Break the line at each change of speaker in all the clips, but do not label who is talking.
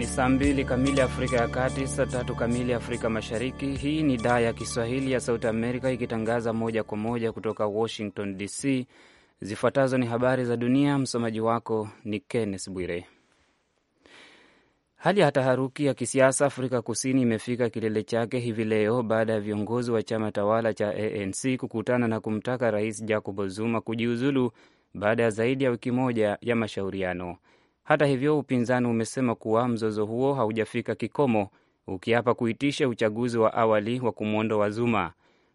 ni saa mbili kamili Afrika ya Kati, saa tatu kamili Afrika Mashariki. Hii ni idhaa ya Kiswahili ya Sauti Amerika ikitangaza moja kwa moja kutoka Washington DC. Zifuatazo ni habari za dunia, msomaji wako ni Kenneth Bwire. Hali ya taharuki ya kisiasa Afrika Kusini imefika kilele chake hivi leo baada ya viongozi wa chama tawala cha ANC kukutana na kumtaka Rais Jacob Zuma kujiuzulu baada ya zaidi ya wiki moja ya mashauriano. Hata hivyo, upinzani umesema kuwa mzozo huo haujafika kikomo, ukiapa kuitisha uchaguzi wa awali wa kumwondoa Zuma.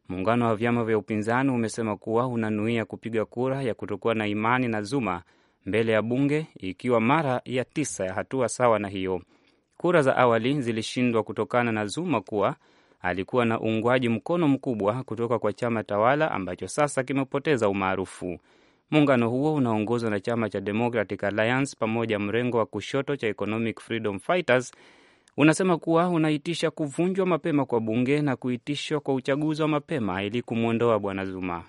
Muungano wa vyama vya upinzani umesema kuwa unanuia kupiga kura ya kutokuwa na imani na Zuma mbele ya bunge, ikiwa mara ya tisa ya hatua sawa na hiyo. Kura za awali zilishindwa kutokana na Zuma kuwa alikuwa na uungwaji mkono mkubwa kutoka kwa chama tawala ambacho sasa kimepoteza umaarufu. Muungano huo unaongozwa na chama cha Democratic Alliance pamoja mrengo wa kushoto cha Economic Freedom Fighters unasema kuwa unaitisha kuvunjwa mapema kwa bunge na kuitishwa kwa uchaguzi wa mapema ili kumwondoa bwana Zuma.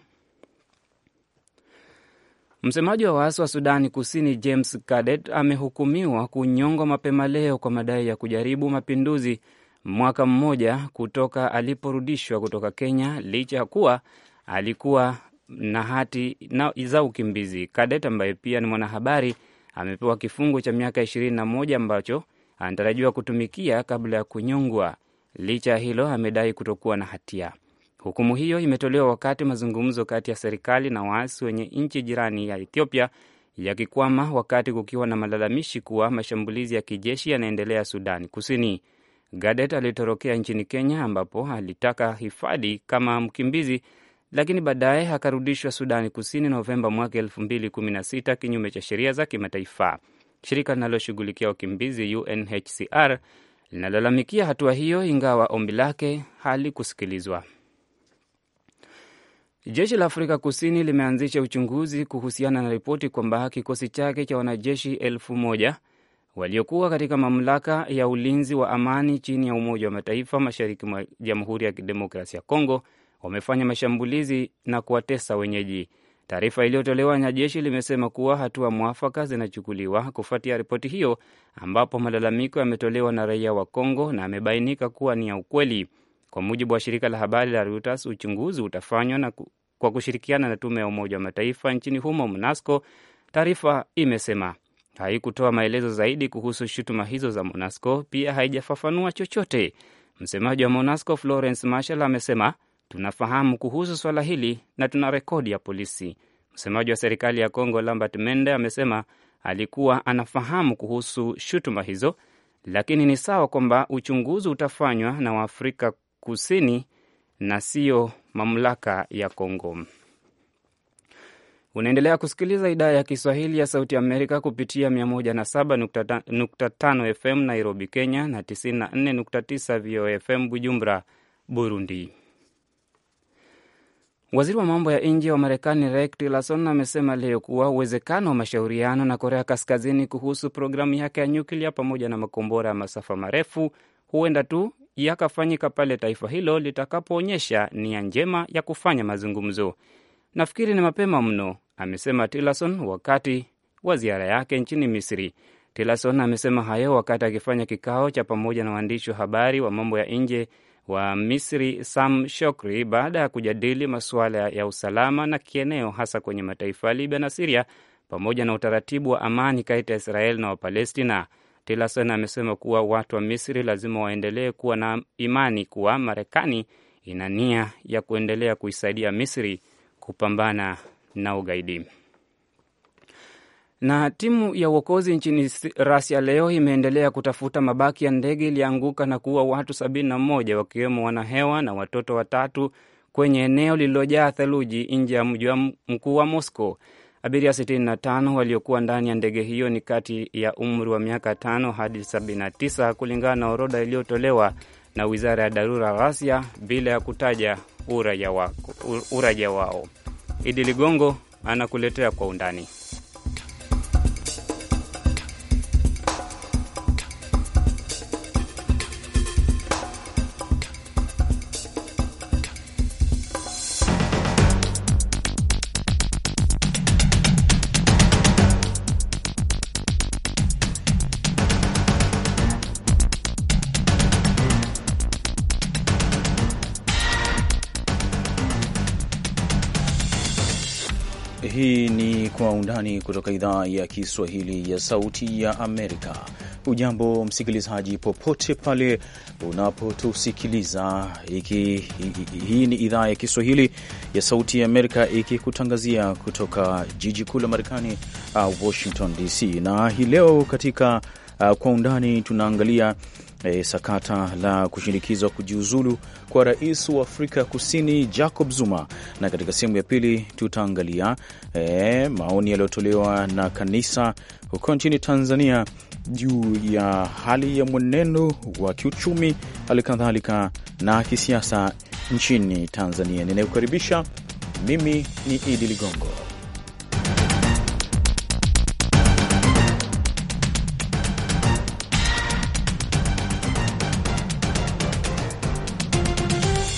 Msemaji wa waasi wa Sudani Kusini James Cadet amehukumiwa kunyongwa mapema leo kwa madai ya kujaribu mapinduzi mwaka mmoja kutoka aliporudishwa kutoka Kenya licha ya kuwa alikuwa na hati na za ukimbizi. Kadet ambaye pia ni mwanahabari amepewa kifungo cha miaka ishirini na moja ambacho anatarajiwa kutumikia kabla ya kunyongwa. Licha ya hilo, amedai kutokuwa na hatia. Hukumu hiyo imetolewa wakati mazungumzo kati ya serikali na waasi wenye nchi jirani ya Ethiopia yakikwama, wakati kukiwa na malalamishi kuwa mashambulizi ya kijeshi yanaendelea Sudani Kusini. Gadet alitorokea nchini Kenya ambapo alitaka hifadhi kama mkimbizi lakini baadaye akarudishwa Sudani Kusini Novemba mwaka 2016 kinyume cha sheria za kimataifa. Shirika linaloshughulikia wakimbizi UNHCR linalalamikia hatua hiyo, ingawa ombi lake halikusikilizwa. Jeshi la Afrika Kusini limeanzisha uchunguzi kuhusiana na ripoti kwamba kikosi chake cha wanajeshi elfu moja waliokuwa katika mamlaka ya ulinzi wa amani chini ya Umoja wa Mataifa mashariki mwa Jamhuri ya Kidemokrasi ya Kongo wamefanya mashambulizi na kuwatesa wenyeji. Taarifa iliyotolewa na jeshi limesema kuwa hatua mwafaka zinachukuliwa kufuatia ripoti hiyo, ambapo malalamiko yametolewa na raia wa Kongo na amebainika kuwa ni ya ukweli. Kwa mujibu wa shirika la habari la Reuters, uchunguzi utafanywa na kwa kushirikiana na tume ya Umoja wa Mataifa nchini humo MONUSCO. Taarifa imesema haikutoa maelezo zaidi kuhusu shutuma hizo za MONUSCO, pia haijafafanua chochote. Msemaji wa MONUSCO Florence Marshall amesema tunafahamu kuhusu swala hili na tuna rekodi ya polisi. Msemaji wa serikali ya congo Lambert Mende amesema alikuwa anafahamu kuhusu shutuma hizo, lakini ni sawa kwamba uchunguzi utafanywa na Waafrika Kusini na siyo mamlaka ya congo Unaendelea kusikiliza idhaa ya Kiswahili ya Sauti Amerika kupitia 107.5 FM Nairobi, Kenya na 94.9 vofm FM Bujumbura, Burundi. Waziri wa mambo ya nje wa Marekani Rex Tillerson amesema leo kuwa uwezekano wa mashauriano na Korea Kaskazini kuhusu programu yake ya nyuklia pamoja na makombora ya masafa marefu huenda tu yakafanyika pale taifa hilo litakapoonyesha nia njema ya kufanya mazungumzo. Nafikiri ni mapema mno, amesema Tillerson wakati wa ziara yake nchini Misri. Tillerson amesema hayo wakati akifanya kikao cha pamoja na waandishi wa habari wa mambo ya nje wa Misri Sam Shokri baada ya kujadili masuala ya usalama na kieneo, hasa kwenye mataifa ya Libya na Siria pamoja na utaratibu wa amani kati ya israel na Wapalestina. Tillerson amesema kuwa watu wa Misri lazima waendelee kuwa na imani kuwa Marekani ina nia ya kuendelea kuisaidia Misri kupambana na ugaidi. Na timu ya uokozi nchini Rasia leo imeendelea kutafuta mabaki ya ndege iliyoanguka na kuua watu 71 wakiwemo wanahewa na watoto watatu kwenye eneo lililojaa theluji nje ya mji mkuu wa Moscow. Abiria 65 waliokuwa ndani ya ndege hiyo ni kati ya umri wa miaka 5 hadi 79 kulingana na orodha iliyotolewa na wizara ya dharura Rasia bila ya kutaja uraia wao. Idi Ligongo anakuletea kwa undani.
kutoka idhaa ya Kiswahili ya Sauti ya Amerika. Ujambo msikilizaji, popote pale unapotusikiliza hii ni idhaa ya Kiswahili ya Sauti ya Amerika ikikutangazia kutoka jiji kuu la Marekani, uh, Washington DC, na hii leo katika uh, kwa undani tunaangalia e, sakata la kushinikizwa kujiuzulu kwa rais wa Afrika Kusini Jacob Zuma, na katika sehemu ya pili tutaangalia e, maoni yaliyotolewa na kanisa huko nchini Tanzania juu ya hali ya mwenendo wa kiuchumi, hali kadhalika na kisiasa nchini Tanzania. Ninayekukaribisha mimi ni Idi Ligongo.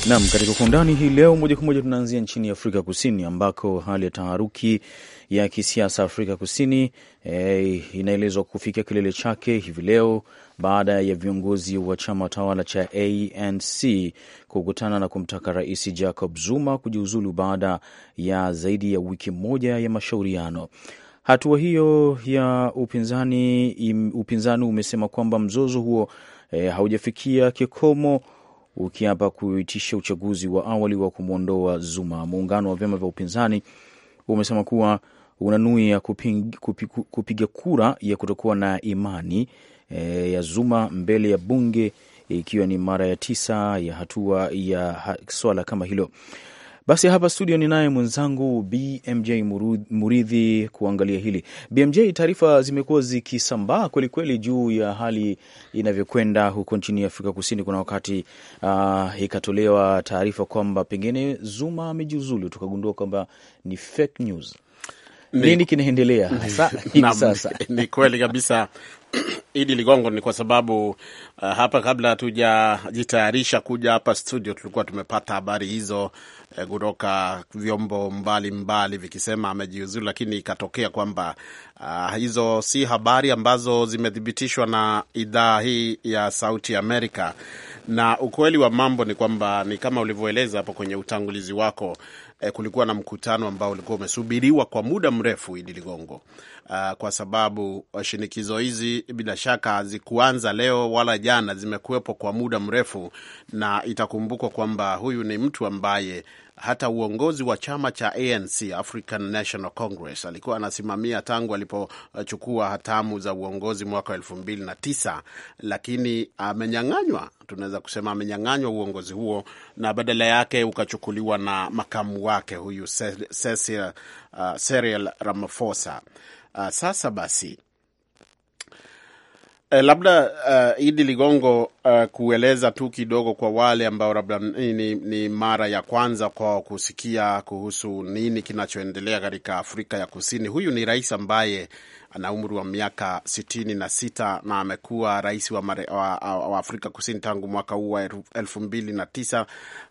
Nam, katika kwa undani hii leo, moja kwa moja tunaanzia nchini Afrika Kusini ambako hali ya taharuki ya kisiasa Afrika Kusini e, inaelezwa kufikia kilele chake hivi leo baada ya viongozi wa chama tawala cha ANC kukutana na kumtaka Rais Jacob Zuma kujiuzulu baada ya zaidi ya wiki moja ya mashauriano. Hatua hiyo ya upinzani, upinzani umesema kwamba mzozo huo e, haujafikia kikomo ukiapa kuitisha uchaguzi wa awali wa kumwondoa Zuma. Muungano wa vyama vya upinzani umesema kuwa unanuia kupiga kura ya kutokuwa na imani e, ya Zuma mbele ya bunge ikiwa e, ni mara ya tisa ya hatua ya ha, swala kama hilo. Basi hapa studio ni naye mwenzangu BMJ Muridhi kuangalia hili. BMJ, taarifa zimekuwa zikisambaa kwelikweli juu ya hali inavyokwenda huko nchini Afrika Kusini. Kuna wakati uh, ikatolewa taarifa kwamba pengine Zuma amejiuzulu, tukagundua kwamba ni fake news. Nini kinaendelea hasa hivi sasa?
Ni kweli kabisa Idi Ligongo, ni kwa sababu uh, hapa kabla hatujajitayarisha kuja hapa studio tulikuwa tumepata habari hizo uh, kutoka uh, vyombo mbalimbali mbali, vikisema amejiuzulu, lakini ikatokea kwamba uh, hizo si habari ambazo zimethibitishwa na idhaa hii ya Sauti Amerika na ukweli wa mambo ni kwamba ni kama ulivyoeleza hapo kwenye utangulizi wako eh, kulikuwa na mkutano ambao ulikuwa umesubiriwa kwa muda mrefu, Idi Ligongo, uh, kwa sababu uh, shinikizo hizi bila shaka hazikuanza leo wala jana, zimekuwepo kwa muda mrefu, na itakumbukwa kwamba huyu ni mtu ambaye hata uongozi wa chama cha ANC African National Congress alikuwa anasimamia tangu alipochukua hatamu za uongozi mwaka elfu mbili na tisa, lakini amenyang'anywa, tunaweza kusema amenyang'anywa uongozi huo na badala yake ukachukuliwa na makamu wake huyu uh, Cyril uh, Ramaphosa. Uh, sasa basi E, labda uh, Idi Ligongo uh, kueleza tu kidogo kwa wale ambao labda ni, ni mara ya kwanza kwa kusikia kuhusu nini kinachoendelea katika Afrika ya Kusini. Huyu ni rais ambaye ana umri wa miaka sitini na sita na amekuwa rais wa, wa, wa Afrika Kusini tangu mwaka huu wa elfu mbili na tisa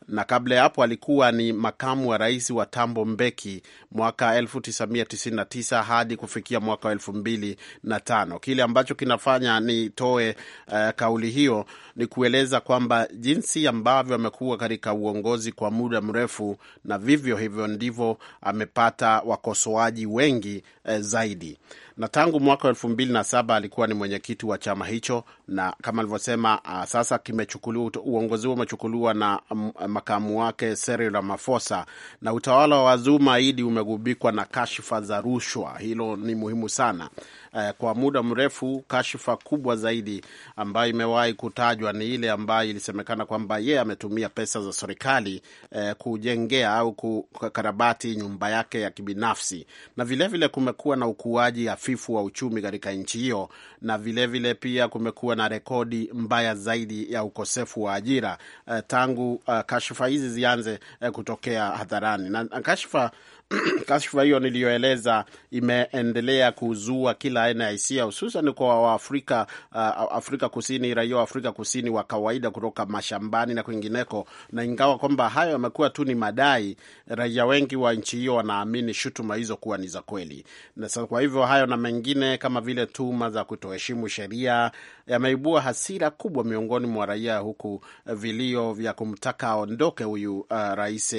na kabla ya hapo alikuwa ni makamu wa rais wa Tambo Mbeki mwaka elfu tisa mia tisini na tisa hadi kufikia mwaka wa elfu mbili na tano kile ambacho kinafanya nitoe uh, kauli hiyo ni kueleza kwamba jinsi ambavyo amekuwa katika uongozi kwa muda mrefu, na vivyo hivyo ndivyo amepata wakosoaji wengi uh, zaidi na tangu mwaka wa elfu mbili na saba alikuwa ni mwenyekiti wa chama hicho, na kama alivyosema ah, sasa kimechukuliwa uongozi huo umechukuliwa na mm, makamu wake Cyril Ramaphosa, na utawala wa Zuma Idi umegubikwa na kashfa za rushwa. Hilo ni muhimu sana. Eh, kwa muda mrefu, kashfa kubwa zaidi ambayo imewahi kutajwa ni ile ambayo ilisemekana kwamba yeye ametumia pesa za serikali eh, kujengea au kukarabati nyumba yake ya kibinafsi, na vilevile kumekuwa na ukuaji afi uhafifu wa uchumi katika nchi hiyo, na vilevile vile pia kumekuwa na rekodi mbaya zaidi ya ukosefu wa ajira eh, tangu eh, kashfa hizi zianze eh, kutokea hadharani na kashfa kashfa hiyo niliyoeleza imeendelea kuzua kila aina ya hisia, hususan kwa Waafrika uh, Afrika Kusini, raia wa Afrika Kusini wa kawaida kutoka mashambani na kwingineko. Na ingawa kwamba hayo yamekuwa tu ni madai, raia wengi wa nchi hiyo wanaamini shutuma hizo kuwa ni za kweli. Na kwa hivyo hayo na mengine kama vile tuma za kutoheshimu sheria yameibua hasira kubwa miongoni mwa raia, huku eh, vilio vya kumtaka aondoke huyu uh, rais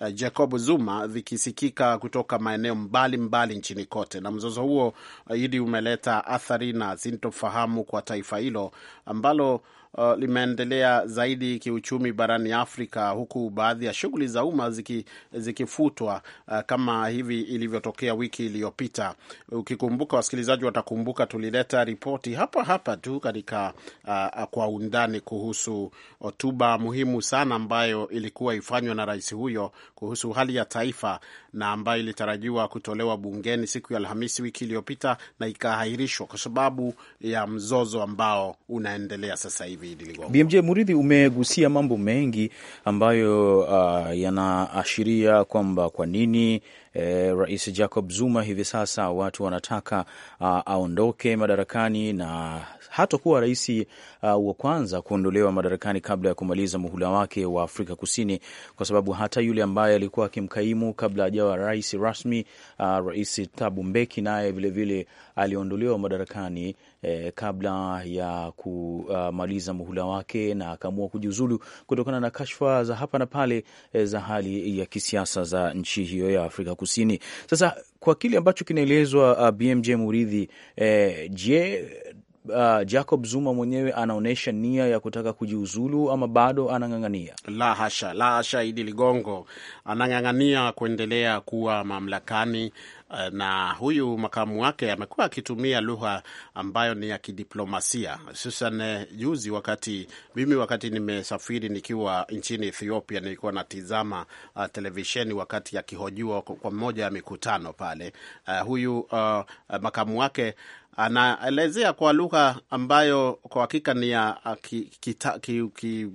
uh, Jacob Zuma vikisikika kutoka maeneo mbalimbali mbali nchini kote. Na mzozo huo uh, idi umeleta athari na sintofahamu kwa taifa hilo ambalo uh, limeendelea zaidi kiuchumi barani Afrika, huku baadhi ya shughuli za umma zikifutwa uh, kama hivi ilivyotokea wiki iliyopita. Ukikumbuka, wasikilizaji watakumbuka, tulileta ripoti hapa hapa tu katika uh, uh, kwa undani kuhusu hotuba muhimu sana ambayo ilikuwa ifanywa na rais huyo kuhusu hali ya taifa na ambayo ilitarajiwa kutolewa bungeni siku ya Alhamisi wiki iliyopita na ikaahirishwa kwa sababu ya mzozo ambao unaendelea sasa hivi.
BMJ Muridhi, umegusia mambo mengi ambayo uh, yanaashiria kwamba kwa nini eh, Rais Jacob Zuma hivi sasa watu wanataka uh, aondoke madarakani na hatakuwa rais uh, wa kwanza kuondolewa madarakani kabla ya kumaliza muhula wake wa Afrika Kusini, kwa sababu hata yule ambaye alikuwa akimkaimu kabla ajawa rais rasmi uh, Rais Thabo Mbeki naye vilevile aliondolewa madarakani eh, kabla ya kumaliza uh, muhula wake na akaamua kujiuzulu kutokana na kashfa za hapa na pale eh, za hali ya kisiasa za nchi hiyo ya Afrika Kusini. Sasa kwa kile ambacho kinaelezwa uh, BMJ Muridhi, eh, je, uh, Jacob Zuma mwenyewe anaonyesha nia ya kutaka kujiuzulu ama bado anang'ang'ania?
La hasha, la hasha, Idi Ligongo anang'ang'ania kuendelea kuwa mamlakani eh, na huyu makamu wake amekuwa akitumia lugha ambayo ni ya kidiplomasia, hususan eh, juzi, wakati mimi, wakati nimesafiri nikiwa nchini Ethiopia, nilikuwa natizama uh, televisheni wakati akihojiwa kwa moja ya mikutano pale. Uh, huyu uh, makamu wake anaelezea kwa lugha ambayo kwa hakika ni ya ki, ki, ki, ki,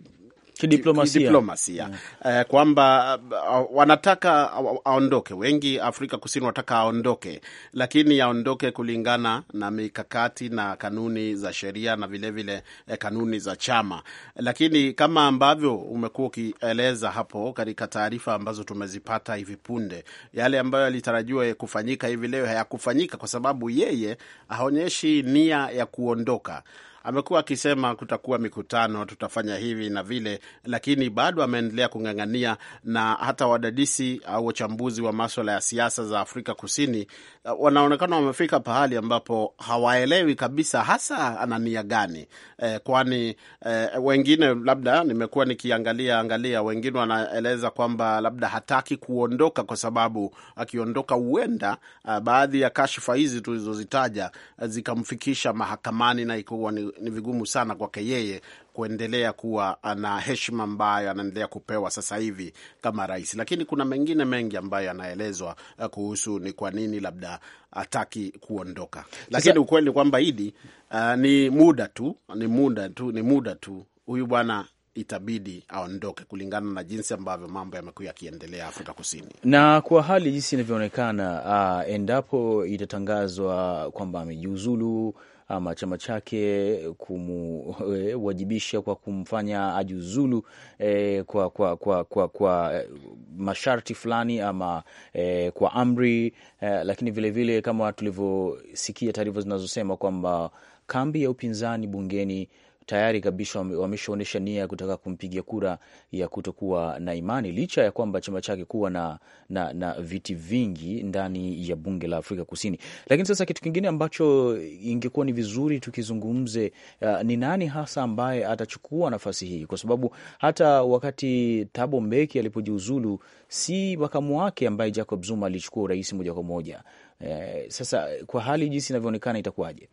kidiplomasia, kidiplomasia. Yeah. Mm. Eh, kwamba uh, wanataka aondoke, wengi Afrika Kusini wanataka aondoke, lakini aondoke kulingana na mikakati na kanuni za sheria na vilevile vile eh, kanuni za chama, lakini kama ambavyo umekuwa ukieleza hapo katika taarifa ambazo tumezipata hivi punde, yale ambayo yalitarajiwa kufanyika hivi leo hayakufanyika kwa sababu yeye haonyeshi nia ya kuondoka amekuwa akisema kutakuwa mikutano, tutafanya hivi na vile, lakini bado ameendelea kung'ang'ania, na hata wadadisi au wachambuzi wa maswala ya siasa za Afrika Kusini Uh, wanaonekana wamefika pahali ambapo hawaelewi kabisa hasa ana nia gani eh, kwani eh, wengine labda nimekuwa nikiangalia angalia, wengine wanaeleza kwamba labda hataki kuondoka kwa sababu akiondoka huenda ah, baadhi ya kashfa hizi tulizozitaja uh, zikamfikisha mahakamani na ikuwa ni, ni vigumu sana kwake yeye kuendelea kuwa ana heshima ambayo anaendelea kupewa sasa hivi kama rais, lakini kuna mengine mengi ambayo yanaelezwa eh, kuhusu ni kwa nini labda hataki kuondoka, lakini sasa... ukweli kwamba idi uh, ni muda tu, ni muda tu, ni muda tu huyu bwana itabidi aondoke kulingana na jinsi ambavyo mambo yamekuwa yakiendelea Afrika Kusini,
na kwa hali jinsi inavyoonekana, uh, endapo itatangazwa kwamba amejiuzulu ama chama chake kumuwajibisha eh, kwa kumfanya ajiuzulu e, kwa, kwa, kwa, kwa, kwa eh, masharti fulani ama e, kwa amri e, lakini vilevile vile kama tulivyosikia taarifa zinazosema kwamba kambi ya upinzani bungeni tayari kabisa wameshaonyesha nia ya kutaka kumpigia kura ya kutokuwa na imani, licha ya kwamba chama chake kuwa na, na, na viti vingi ndani ya bunge la Afrika Kusini. Lakini sasa kitu kingine ambacho ingekuwa ni vizuri tukizungumze, uh, ni nani hasa ambaye atachukua nafasi hii, kwa sababu hata wakati Thabo Mbeki alipojiuzulu si makamu wake ambaye Jacob Zuma alichukua urais moja kwa
moja. Eh, sasa kwa hali jinsi inavyoonekana itakuwaje?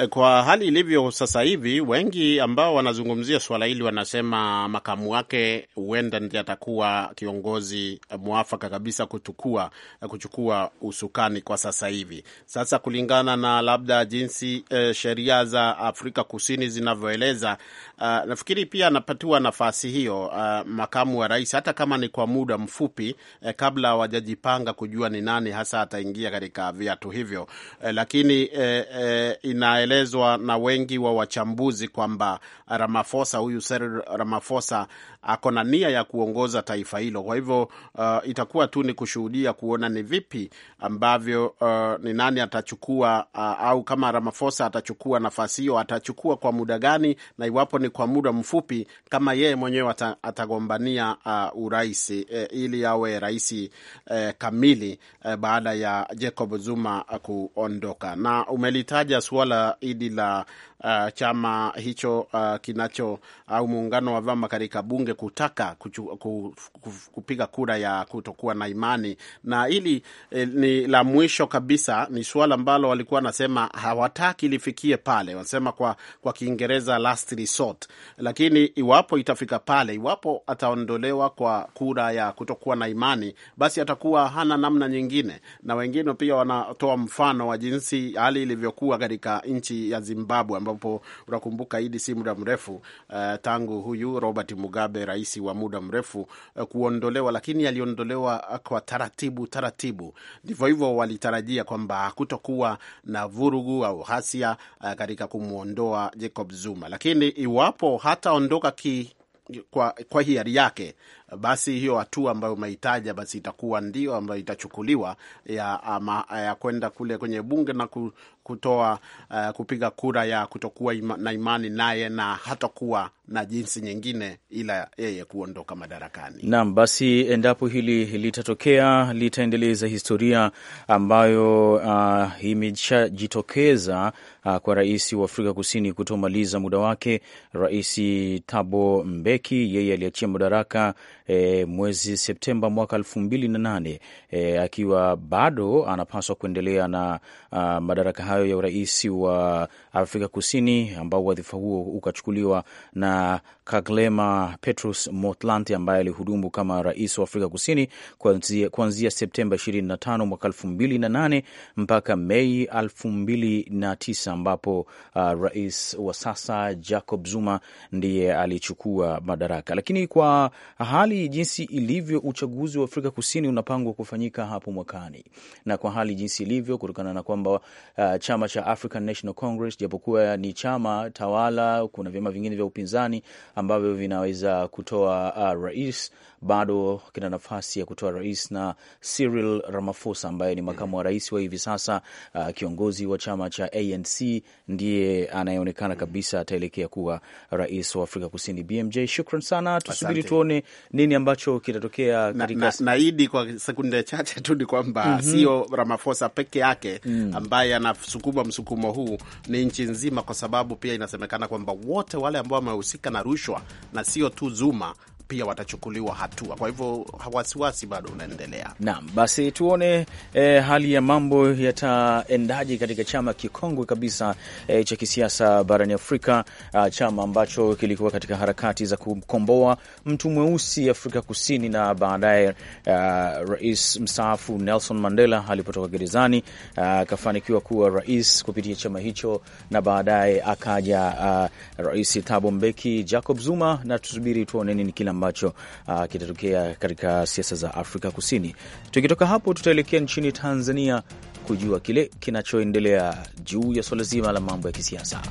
Eh, kwa hali ilivyo sasa hivi, wengi ambao wanazungumzia swala hili wanasema makamu wake huenda ndiye atakuwa kiongozi mwafaka kabisa kutukua, kuchukua usukani kwa sasa hivi. Sasa kulingana na labda jinsi eh, sheria za Afrika Kusini zinavyoeleza Uh, nafikiri pia anapatiwa nafasi hiyo uh, makamu wa rais, hata kama ni kwa muda mfupi eh, kabla wajajipanga kujua ni nani hasa ataingia katika viatu hivyo eh, lakini eh, eh, inaelezwa na wengi wa wachambuzi kwamba ramafosa huyu Cyril ramafosa ako na nia ya kuongoza taifa hilo. Kwa hivyo uh, itakuwa tu ni kushuhudia kuona ni vipi ambavyo uh, ni nani atachukua uh, au kama Ramaphosa atachukua nafasi hiyo atachukua kwa muda gani, na iwapo ni kwa muda mfupi kama yeye mwenyewe atagombania uh, urais eh, ili awe rais eh, kamili eh, baada ya Jacob Zuma kuondoka. Na umelitaja suala hili la uh, chama hicho uh, kinacho au uh, muungano wa vyama katika bunge kutaka kuchu, ku, kupiga kura ya kutokuwa na imani na hili e, ni la mwisho kabisa. Ni suala ambalo walikuwa wanasema hawataki lifikie pale, wanasema kwa, kwa Kiingereza last resort. Lakini iwapo itafika pale, iwapo ataondolewa kwa kura ya kutokuwa na imani, basi atakuwa hana namna nyingine. Na wengine pia wanatoa mfano wa jinsi hali ilivyokuwa katika nchi ya Zimbabwe ambapo unakumbuka, hili si muda mrefu uh, tangu huyu Robert Mugabe yule rais wa muda mrefu eh, kuondolewa, lakini aliondolewa eh, kwa taratibu taratibu. Ndivyo hivyo, walitarajia kwamba hakutokuwa na vurugu au hasia eh, katika kumwondoa Jacob Zuma, lakini iwapo hataondoka ki kwa, kwa hiari yake basi hiyo hatua ambayo umeitaja basi itakuwa ndio ambayo itachukuliwa ya, ama, ya kwenda kule kwenye bunge na kutoa uh, kupiga kura ya kutokuwa ima, na imani naye na hatakuwa na jinsi nyingine ila yeye kuondoka
madarakani. Naam, basi endapo hili litatokea litaendeleza historia ambayo uh, imeshajitokeza uh, kwa rais wa Afrika Kusini kutomaliza muda wake. Rais Thabo Mbeki yeye aliachia madaraka e, mwezi Septemba mwaka elfu mbili na nane e, akiwa bado anapaswa kuendelea na a, madaraka hayo ya urais wa Afrika Kusini ambao wadhifa huo ukachukuliwa na Kaglema Petrus Motlanthe ambaye alihudumu kama rais wa Afrika Kusini kuanzia, kuanzia Septemba 25 mwaka 2008 mpaka Mei 2009 ambapo uh, rais wa sasa Jacob Zuma ndiye alichukua madaraka. Lakini kwa hali jinsi ilivyo, uchaguzi wa Afrika Kusini unapangwa kufanyika hapo mwakani, na kwa hali jinsi ilivyo, kutokana na kwamba uh, chama cha African National Congress japokuwa ni chama tawala, kuna vyama vingine vya upinzani ambavyo vinaweza kutoa uh, rais bado kina nafasi ya kutoa rais na Cyril Ramaphosa ambaye ni makamu wa rais wa hivi sasa, uh, kiongozi wa chama cha ANC ndiye anayeonekana kabisa ataelekea kuwa rais wa Afrika Kusini. BMJ, shukran sana, tusubiri tuone
nini ambacho kitatokea katika na, na kwa sekunde chache tu ni kwamba mm -hmm. sio Ramaphosa peke yake mm. ambaye anasukuma msukumo huu, ni nchi nzima, kwa sababu pia inasemekana kwamba wote wale ambao wamehusika na rushwa na sio tu Zuma pia watachukuliwa hatua. Kwa hivyo wasiwasi bado unaendelea.
Naam, basi tuone eh, hali ya mambo yataendaje katika chama kikongwe kabisa eh, cha kisiasa barani Afrika, ah, chama ambacho kilikuwa katika harakati za kukomboa mtu mweusi Afrika Kusini na baadaye ah, rais mstaafu Nelson Mandela alipotoka gerezani ah, akafanikiwa ah, kuwa rais kupitia chama hicho na baadaye akaja ah, rais Thabo Mbeki, Jacob Zuma na tusubiri tuone nini kila ambacho uh, kitatokea katika siasa za Afrika Kusini. Tukitoka hapo, tutaelekea nchini Tanzania kujua kile kinachoendelea juu ya suala zima la mambo ya kisiasa.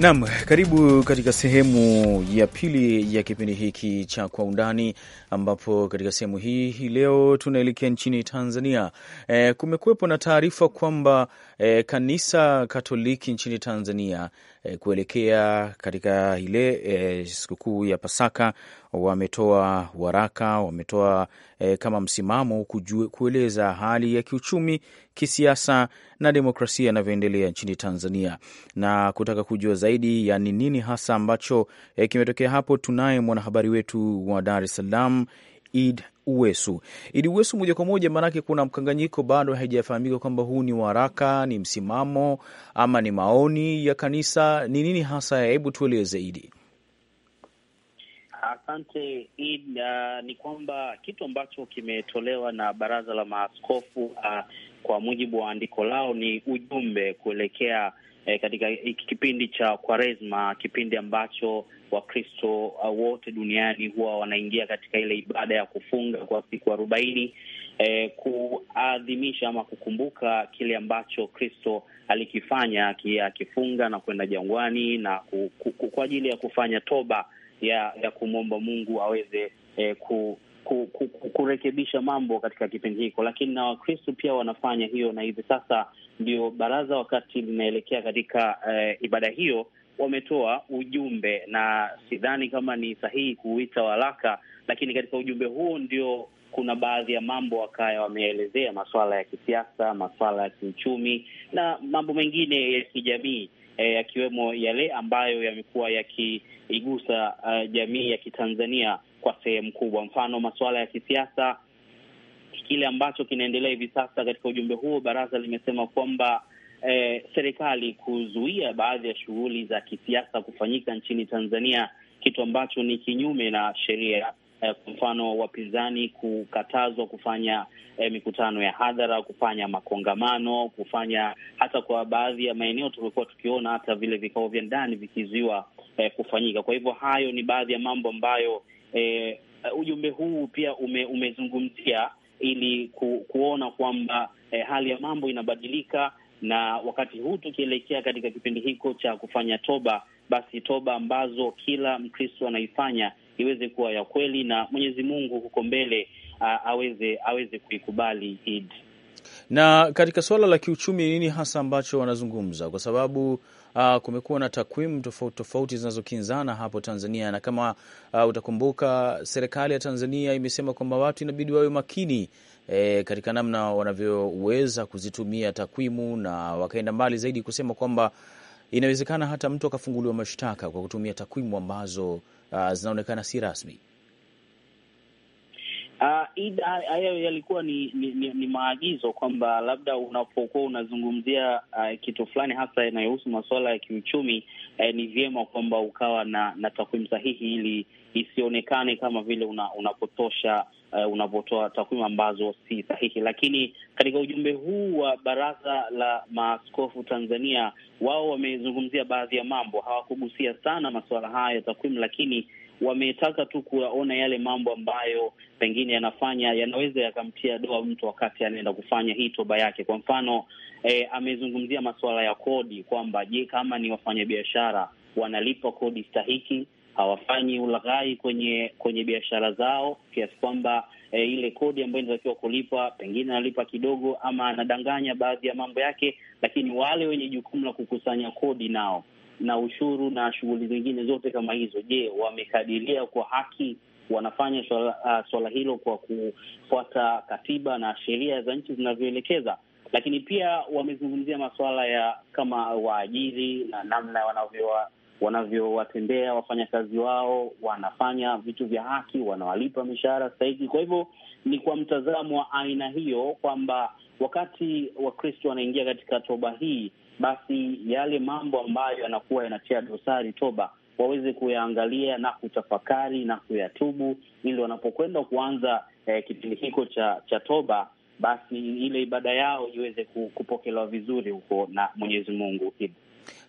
nam karibu katika sehemu ya pili ya kipindi hiki cha Kwa Undani, ambapo katika sehemu hii hii leo tunaelekea nchini Tanzania. E, kumekuwepo na taarifa kwamba e, kanisa Katoliki nchini Tanzania e, kuelekea katika ile e, sikukuu ya Pasaka wametoa waraka, wametoa e, kama msimamo kujue, kueleza hali ya kiuchumi, kisiasa na demokrasia yanavyoendelea nchini Tanzania na kutaka kujua zaidi yani nini hasa ambacho e, kimetokea hapo. Tunaye mwanahabari wetu wa Dar es Salaam id Uwesu. id Uwesu, moja kwa moja, maanake kuna mkanganyiko, bado haijafahamika kwamba huu ni waraka, ni msimamo ama ni maoni ya kanisa, ni nini hasa? Hebu tueleze Idi.
Asante Id. Uh, ah, ni kwamba kitu ambacho kimetolewa na baraza la maaskofu uh, kwa mujibu wa andiko lao ni ujumbe kuelekea eh, katika hiki kipindi cha Kwaresma, kipindi ambacho Wakristo uh, wote duniani huwa wanaingia katika ile ibada ya kufunga kwa siku arobaini eh, kuadhimisha ama kukumbuka kile ambacho Kristo alikifanya akifunga na kwenda jangwani na ku, ku, ku, kwa ajili ya kufanya toba ya ya kumwomba Mungu aweze eh, ku, kurekebisha mambo katika kipindi hiko, lakini na Wakristo pia wanafanya hiyo, na hivi sasa ndio baraza, wakati linaelekea katika eh, ibada hiyo, wametoa ujumbe, na sidhani kama ni sahihi kuuita waraka, lakini katika ujumbe huo ndio kuna baadhi ya mambo wakaya wameelezea, masuala ya kisiasa, masuala ya kiuchumi na mambo mengine ya kijamii Eh, yakiwemo eh, yale ambayo yamekuwa yakiigusa uh, jamii ya Kitanzania kwa sehemu kubwa, mfano masuala ya kisiasa, kile ambacho kinaendelea hivi sasa. Katika ujumbe huo, baraza limesema kwamba eh, serikali kuzuia baadhi ya shughuli za kisiasa kufanyika nchini Tanzania, kitu ambacho ni kinyume na sheria eh, kwa mfano wapinzani kukatazwa kufanya eh, mikutano ya hadhara, kufanya makongamano, kufanya hata kwa baadhi ya maeneo tumekuwa tukiona hata vile vikao vya ndani vikiziwa eh, kufanyika. Kwa hivyo hayo ni baadhi ya mambo ambayo eh, ujumbe huu pia ume, umezungumzia ili ku, kuona kwamba eh, hali ya mambo inabadilika na wakati huu tukielekea katika kipindi hiko cha kufanya toba, basi toba ambazo kila Mkristo anaifanya iweze kuwa ya kweli na Mwenyezi Mungu huko mbele aweze aweze kuikubali Eid.
Na katika suala la kiuchumi, nini hasa ambacho wanazungumza? Kwa sababu uh, kumekuwa na takwimu tofauti tofauti zinazokinzana hapo Tanzania, na kama uh, utakumbuka serikali ya Tanzania imesema kwamba watu inabidi wawe makini E, katika namna wanavyoweza kuzitumia takwimu na wakaenda mbali zaidi kusema kwamba Inawezekana hata mtu akafunguliwa mashtaka kwa kutumia takwimu ambazo uh, zinaonekana si rasmi.
Ah, hayo yalikuwa ni, ni, ni, ni maagizo kwamba labda unapokuwa unazungumzia uh, kitu fulani hasa yanayohusu masuala ya kiuchumi uh, ni vyema kwamba ukawa na, na takwimu sahihi ili isionekane kama vile una, unapotosha uh, unapotoa takwimu ambazo si sahihi. Lakini katika ujumbe huu wa Baraza la Maaskofu Tanzania, wao wamezungumzia baadhi ya mambo, hawakugusia sana masuala haya ya takwimu, lakini wametaka tu kuyaona yale mambo ambayo pengine yanafanya yanaweza yakamtia doa mtu wakati anaenda kufanya hii toba yake. Kwa mfano eh, amezungumzia masuala ya kodi kwamba je, kama ni wafanyabiashara wanalipa kodi stahiki, hawafanyi ulaghai kwenye kwenye biashara zao kiasi kwamba E, ile kodi ambayo inatakiwa kulipa pengine analipa kidogo ama anadanganya baadhi ya mambo yake, lakini wale wenye jukumu la kukusanya kodi nao na ushuru na shughuli zingine zote kama hizo. Je, wamekadiria kwa haki wanafanya swala, uh, swala hilo kwa kufuata katiba na sheria za nchi zinavyoelekeza? Lakini pia wamezungumzia masuala ya kama waajiri na namna wanavyowatembea wanavyowatendea wafanyakazi wao, wanafanya vitu vya haki, wanawalipa mishahara stahiki. Kwa hivyo ni kwa mtazamo wa aina hiyo kwamba wakati Wakristo wanaingia katika toba hii basi yale mambo ambayo yanakuwa yanatia dosari toba waweze kuyaangalia na kutafakari na kuyatubu, ili wanapokwenda kuanza eh, kipindi hiko cha cha toba, basi ile ibada yao iweze kupokelewa vizuri huko na Mwenyezi Mungu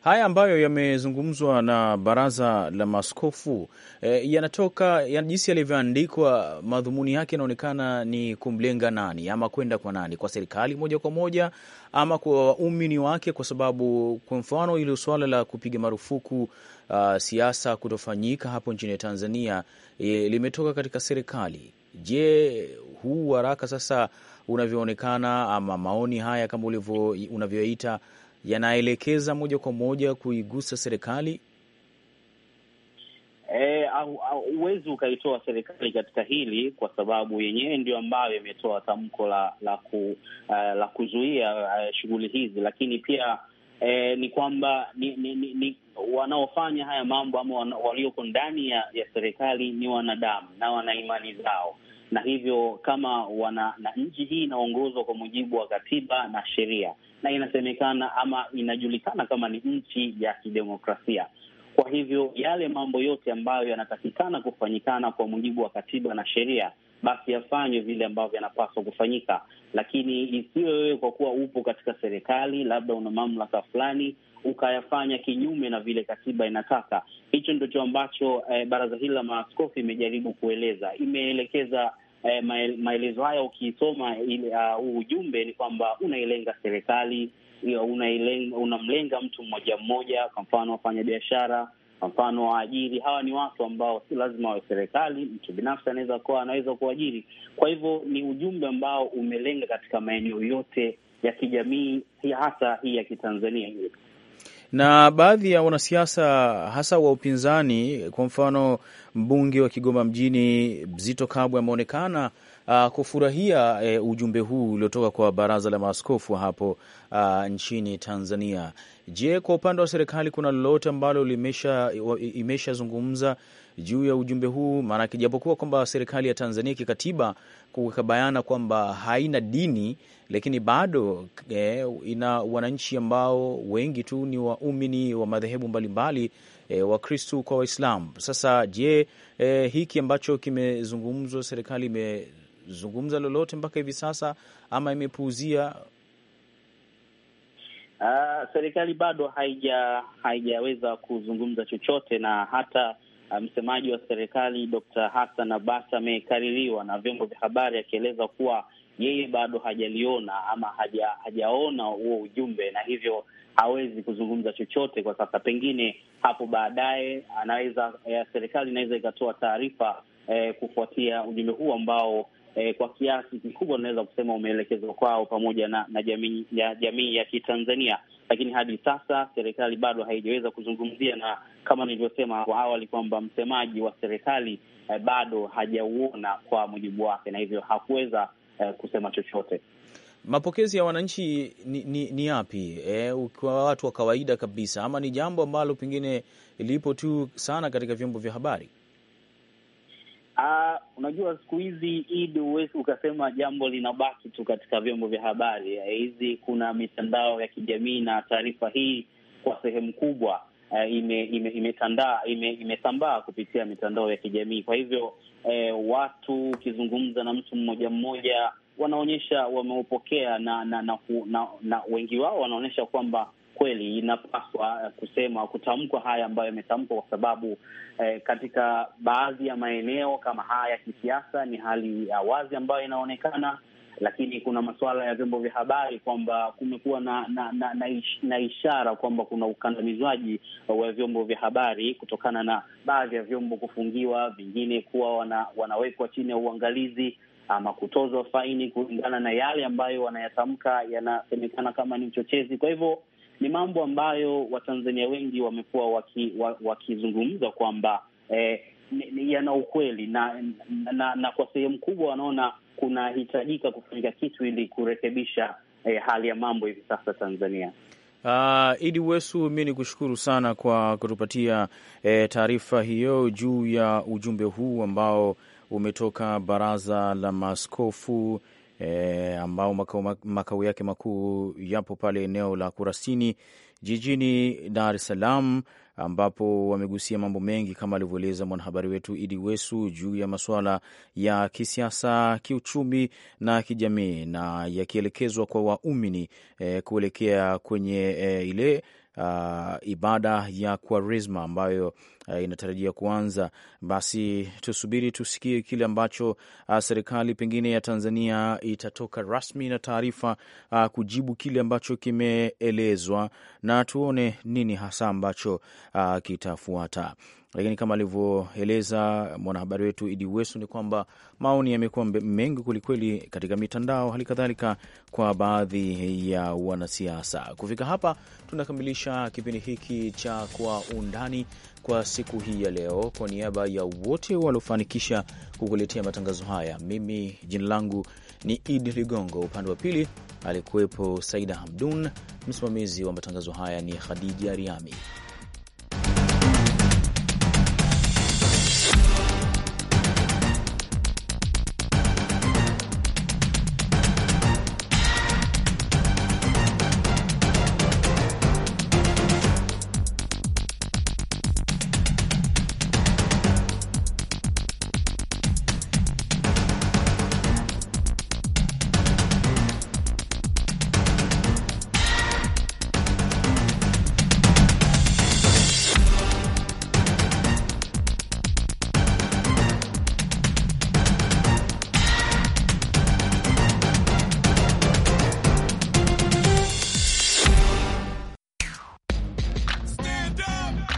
haya ambayo yamezungumzwa na baraza la maskofu e, eh, yanatoka ya jinsi yalivyoandikwa, madhumuni yake yanaonekana ni kumlenga nani ama kwenda kwa nani, kwa serikali moja kwa moja ama kwa waumini wake, kwa sababu kwa mfano ilo suala la kupiga marufuku uh, siasa kutofanyika hapo nchini Tanzania e, limetoka katika serikali. Je, huu waraka sasa unavyoonekana ama maoni haya kama unavyoita yanaelekeza moja kwa moja kuigusa serikali?
E, huwezi e, ukaitoa serikali katika hili kwa sababu yenyewe ndio ambayo imetoa tamko la la, ku, uh, la kuzuia uh, shughuli hizi, lakini pia eh, ni kwamba ni, ni, ni, ni wanaofanya haya mambo ama walioko ndani ya, ya serikali ni wanadamu na wana imani zao na hivyo kama wana na nchi hii inaongozwa kwa mujibu wa katiba na sheria, na inasemekana ama inajulikana kama ni nchi ya kidemokrasia. Kwa hivyo yale mambo yote ambayo yanatakikana kufanyikana kwa mujibu wa katiba na sheria, basi yafanywe vile ambavyo yanapaswa kufanyika, lakini isiwe wewe kwa kuwa upo katika serikali, labda una mamlaka fulani ukayafanya kinyume na vile katiba inataka. Hicho ndicho ambacho eh, baraza hili la maaskofu imejaribu kueleza, imeelekeza eh, maelezo haya. Ukiisoma uh, huu uh, ujumbe ni kwamba unailenga serikali, unamlenga una mtu mmoja mmoja, kwa mfano biashara kwa mfano waajiri. Hawa ni watu ambao si lazima wawe serikali, mtu binafsi anaweza kuwa anaweza kuajiri. Kwa hivyo ni ujumbe ambao umelenga katika maeneo yote ya kijamii, hasa hii ya Kitanzania
na baadhi ya wanasiasa hasa wa upinzani, kwa mfano mbunge wa Kigoma Mjini Zitto Kabwe ameonekana uh, kufurahia uh, ujumbe huu uliotoka kwa baraza la maaskofu hapo uh, nchini Tanzania. Je, kwa upande wa serikali kuna lolote ambalo imeshazungumza juu ya ujumbe huu? Maanake japokuwa kwamba serikali ya Tanzania kikatiba kuweka bayana kwamba haina dini, lakini bado e, ina wananchi ambao wengi tu ni waumini wa madhehebu mbalimbali e, Wakristu kwa Waislamu. Sasa je, e, hiki ambacho kimezungumzwa, serikali imezungumza lolote mpaka hivi sasa ama imepuuzia?
Uh, serikali bado haija haijaweza kuzungumza chochote na hata Ah, msemaji wa serikali Dr. Hassan Abbas amekaririwa na vyombo vya habari akieleza kuwa yeye bado hajaliona ama haja, hajaona huo ujumbe na hivyo hawezi kuzungumza chochote kwa sasa. Pengine hapo baadaye anaweza, eh, serikali inaweza ikatoa taarifa eh, kufuatia ujumbe huu ambao eh, kwa kiasi kikubwa unaweza kusema umeelekezwa kwao pamoja na, na jamii ya, jamii ya Kitanzania, lakini hadi sasa serikali bado haijaweza kuzungumzia, na kama nilivyosema hapo awali kwamba msemaji wa serikali eh, bado hajauona kwa mujibu wake, na hivyo hakuweza eh, kusema chochote.
Mapokezi ya wananchi ni, ni, ni yapi eh, kwa watu wa kawaida kabisa, ama ni jambo ambalo pengine lipo tu sana katika vyombo vya habari?
Uh, unajua siku hizi Idi huwezi ukasema jambo linabaki tu katika vyombo vya habari eh, hizi. Kuna mitandao ya kijamii na taarifa hii kwa sehemu kubwa Uh, ime, ime, imetandaa ime, kupitia mitandao ya kijamii. Kwa hivyo eh, watu ukizungumza na mtu mmoja mmoja wanaonyesha wameupokea na na, na, na na wengi wao wanaonyesha kwamba kweli inapaswa eh, kusema kutamkwa haya ambayo yametamkwa, kwa sababu eh, katika baadhi ya maeneo kama haya ya kisiasa ni hali ya wazi ambayo inaonekana, lakini kuna masuala ya vyombo vya habari kwamba kumekuwa na, na, na, na, ish, na ishara kwamba kuna ukandamizwaji wa vyombo vya habari kutokana na baadhi ya vyombo kufungiwa, vingine kuwa wana, wanawekwa chini ya uangalizi ama kutozwa faini kulingana na yale ambayo wanayatamka yanasemekana kama ni uchochezi. Kwa hivyo ni mambo ambayo Watanzania wengi wamekuwa wakizungumza waki kwamba eh, yana ukweli na, na, na, na kwa sehemu kubwa wanaona kunahitajika kufanyika kitu ili kurekebisha eh, hali ya mambo hivi sasa Tanzania.
Uh, Idi Wesu, mi ni kushukuru sana kwa kutupatia eh, taarifa hiyo juu ya ujumbe huu ambao umetoka Baraza la Maaskofu e, ambao makao, makao yake makuu yapo pale eneo la Kurasini jijini Dar es Salaam, ambapo wamegusia mambo mengi kama alivyoeleza mwanahabari wetu Idi Wesu juu ya masuala ya kisiasa, kiuchumi na kijamii, na yakielekezwa kwa waumini e, kuelekea kwenye e, ile a, ibada ya Kwaresma ambayo uh, inatarajia kuanza. Basi tusubiri tusikie kile ambacho uh, serikali pengine ya Tanzania itatoka rasmi na taarifa uh, kujibu kile ambacho kimeelezwa, na tuone nini hasa ambacho uh, kitafuata lakini kama alivyoeleza mwanahabari wetu Idi Wesu ni kwamba maoni yamekuwa mengi kwelikweli katika mitandao, hali kadhalika kwa baadhi ya wanasiasa. Kufika hapa tunakamilisha kipindi hiki cha Kwa Undani kwa siku hii ya leo. Kwa niaba ya wote waliofanikisha kukuletea matangazo haya, mimi jina langu ni Idi Ligongo, upande wa pili alikuwepo Saida Hamdun, msimamizi wa matangazo haya ni Khadija Riami.